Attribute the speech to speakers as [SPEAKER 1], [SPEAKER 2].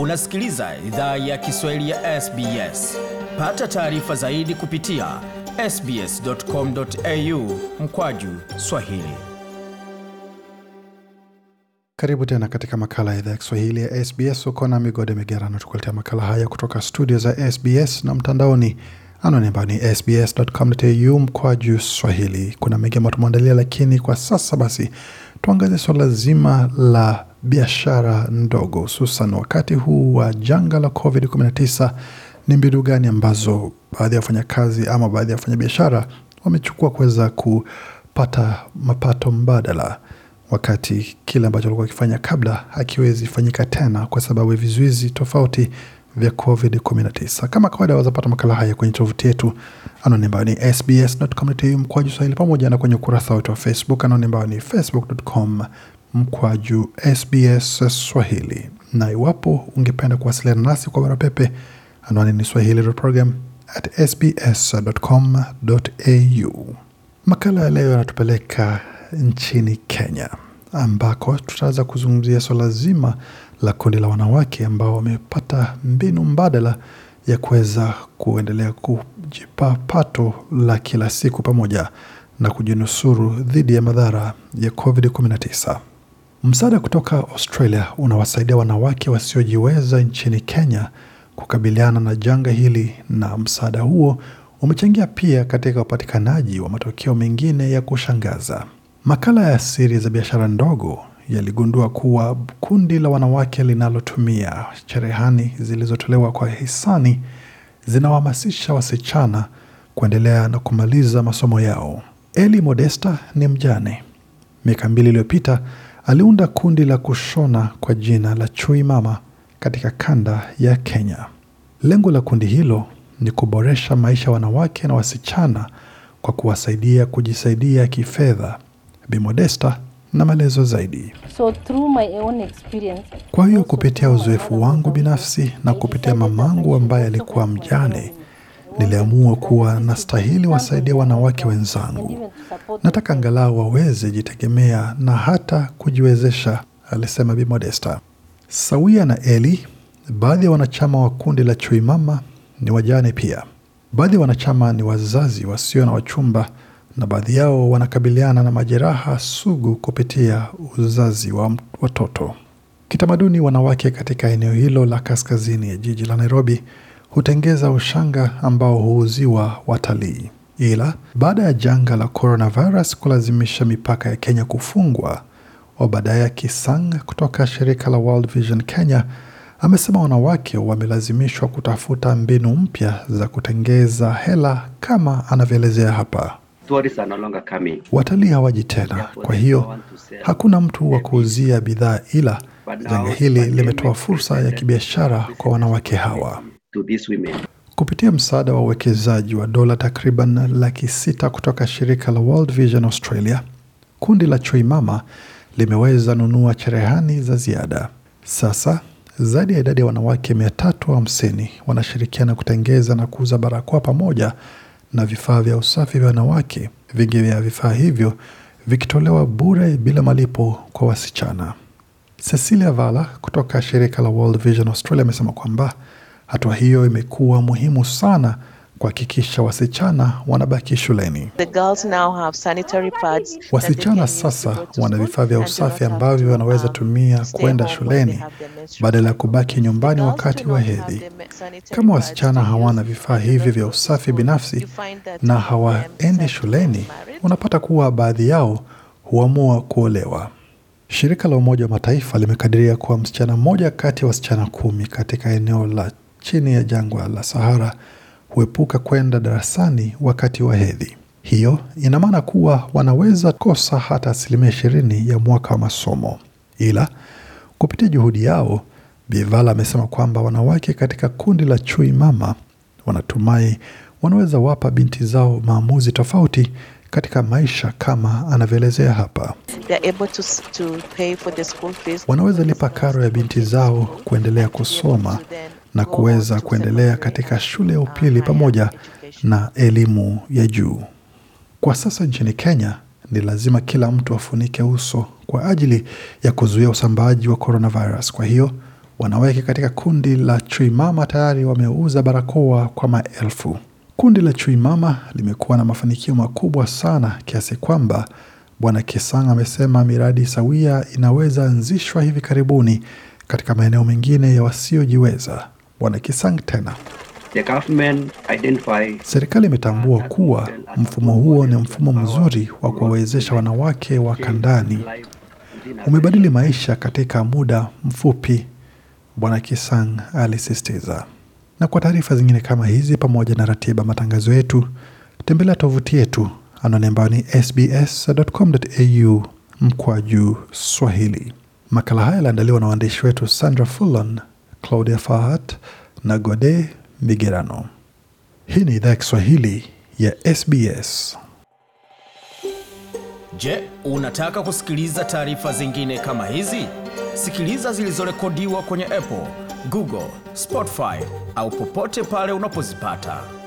[SPEAKER 1] Unasikiliza idhaa ya Kiswahili ya SBS. Pata taarifa zaidi kupitia sbs.com.au mkwaju swahili. Karibu tena katika makala ya idhaa ya Kiswahili ya SBS. huko na Migode Migerano tukuletea makala haya kutoka studio za SBS na mtandaoni anwani ambayo ni sbs.com.au mkwaju swahili. Kuna mengi ambayo tumeandalia, lakini kwa sasa basi tuangazie swala zima la biashara ndogo, hususan wakati huu wa janga la COVID-19. Ni mbinu gani ambazo baadhi ya wafanyakazi ama baadhi ya wafanyabiashara wamechukua kuweza kupata mapato mbadala, wakati kile ambacho alikuwa akifanya kabla hakiwezi fanyika tena kwa sababu ya vizuizi tofauti vya COVID-19. Kama kawaida, waweza pata makala haya kwenye tovuti yetu anaoni ambayo ni sbs.com.au mkwaju Swahili, pamoja na kwenye ukurasa wetu wa Facebook anaoni ambayo ni facebook.com mkwaju SBS Swahili, na iwapo ungependa kuwasiliana nasi kwa barua pepe, anwani ni program at sbs.com.au. Makala ya leo yanatupeleka nchini Kenya ambako tutaweza kuzungumzia swala zima la kundi la wanawake ambao wamepata mbinu mbadala ya kuweza kuendelea kujipa pato la kila siku pamoja na kujinusuru dhidi ya madhara ya COVID-19. Msaada kutoka Australia unawasaidia wanawake wasiojiweza nchini Kenya kukabiliana na janga hili na msaada huo umechangia pia katika upatikanaji wa matokeo mengine ya kushangaza. Makala ya siri za biashara ndogo yaligundua kuwa kundi la wanawake linalotumia cherehani zilizotolewa kwa hisani zinawahamasisha wasichana kuendelea na kumaliza masomo yao. Eli Modesta ni mjane. Miaka mbili iliyopita Aliunda kundi la kushona kwa jina la Chui Mama katika kanda ya Kenya. Lengo la kundi hilo ni kuboresha maisha ya wanawake na wasichana kwa kuwasaidia kujisaidia kifedha. Bi Modesta na maelezo zaidi. So through my own experience, kwa hiyo kupitia uzoefu wangu binafsi na kupitia mamangu ambaye alikuwa mjane Niliamua kuwa nastahili wasaidia wanawake wenzangu, nataka angalau waweze jitegemea na hata kujiwezesha, alisema Bi Modesta. Sawia na Eli, baadhi ya wanachama wa kundi la Chui Mama ni wajane pia. Baadhi ya wanachama ni wazazi wasio na wachumba na baadhi yao wanakabiliana na majeraha sugu kupitia uzazi wa watoto. Kitamaduni, wanawake katika eneo hilo la kaskazini ya jiji la Nairobi hutengeza ushanga ambao huuziwa watalii. Ila baada ya janga la coronavirus kulazimisha mipaka ya Kenya kufungwa, Obadaya Kisang kutoka shirika la World Vision Kenya amesema wanawake wamelazimishwa kutafuta mbinu mpya za kutengeza hela, kama anavyoelezea hapa. Watalii hawaji tena, kwa hiyo hakuna mtu wa kuuzia bidhaa, ila janga hili limetoa fursa ya kibiashara kwa wanawake hawa to these women. Kupitia msaada wa uwekezaji wa dola takriban laki sita kutoka shirika la World Vision Australia, kundi la mama limeweza nunua cherehani za ziada. Sasa zaidi ya idadi ya wanawake mia tatu hamsini wanashirikiana kutengeza na kuuza barakoa pamoja na vifaa vya usafi vya wanawake, vingi vya vifaa hivyo vikitolewa bure bila malipo kwa wasichana. Cecilia Vala kutoka shirika la World Vision Australia amesema kwamba Hatua hiyo imekuwa muhimu sana kuhakikisha wasichana wanabaki shuleni. Wasichana sasa wana vifaa vya usafi ambavyo wanaweza tumia kwenda shuleni badala ya kubaki nyumbani wakati wa hedhi. Kama wasichana hawana vifaa hivi vya usafi binafsi na hawaendi shuleni, unapata kuwa baadhi yao huamua kuolewa. Shirika la Umoja wa Mataifa limekadiria kuwa msichana mmoja kati ya wasichana kumi katika eneo la chini ya jangwa la Sahara huepuka kwenda darasani wakati wa hedhi. Hiyo ina maana kuwa wanaweza kosa hata asilimia ishirini ya mwaka wa masomo, ila kupitia juhudi yao, Bivala amesema kwamba wanawake katika kundi la chui mama wanatumai wanaweza wapa binti zao maamuzi tofauti katika maisha kama anavyoelezea hapa. Wanaweza lipa karo ya binti zao kuendelea kusoma na kuweza kuendelea katika shule ya upili pamoja na elimu ya juu. Kwa sasa nchini Kenya ni lazima kila mtu afunike uso kwa ajili ya kuzuia usambaaji wa coronavirus. Kwa hiyo wanawake katika kundi la chui mama tayari wameuza barakoa kwa maelfu. Kundi la chui mama limekuwa na mafanikio makubwa sana kiasi kwamba Bwana Kisang amesema miradi sawia inaweza anzishwa hivi karibuni katika maeneo mengine ya wasiojiweza. Bwana Kisang tena. serikali imetambua kuwa mfumo huo ni mfumo mzuri wa kuwawezesha wanawake wa kandani. Umebadili maisha katika muda mfupi, Bwana Kisang alisisitiza. Na kwa taarifa zingine kama hizi pamoja na ratiba matangazo yetu, tembelea tovuti yetu anwani ambayo ni sbs.com.au mkwa juu Swahili. Makala haya yaliandaliwa na waandishi wetu Sandra Fullon Claudia Fahat na Gode Migerano. Hii ni idhaa ya Kiswahili ya SBS. Je, unataka kusikiliza taarifa zingine kama hizi? Sikiliza zilizorekodiwa kwenye Apple, Google, Spotify au popote pale unapozipata.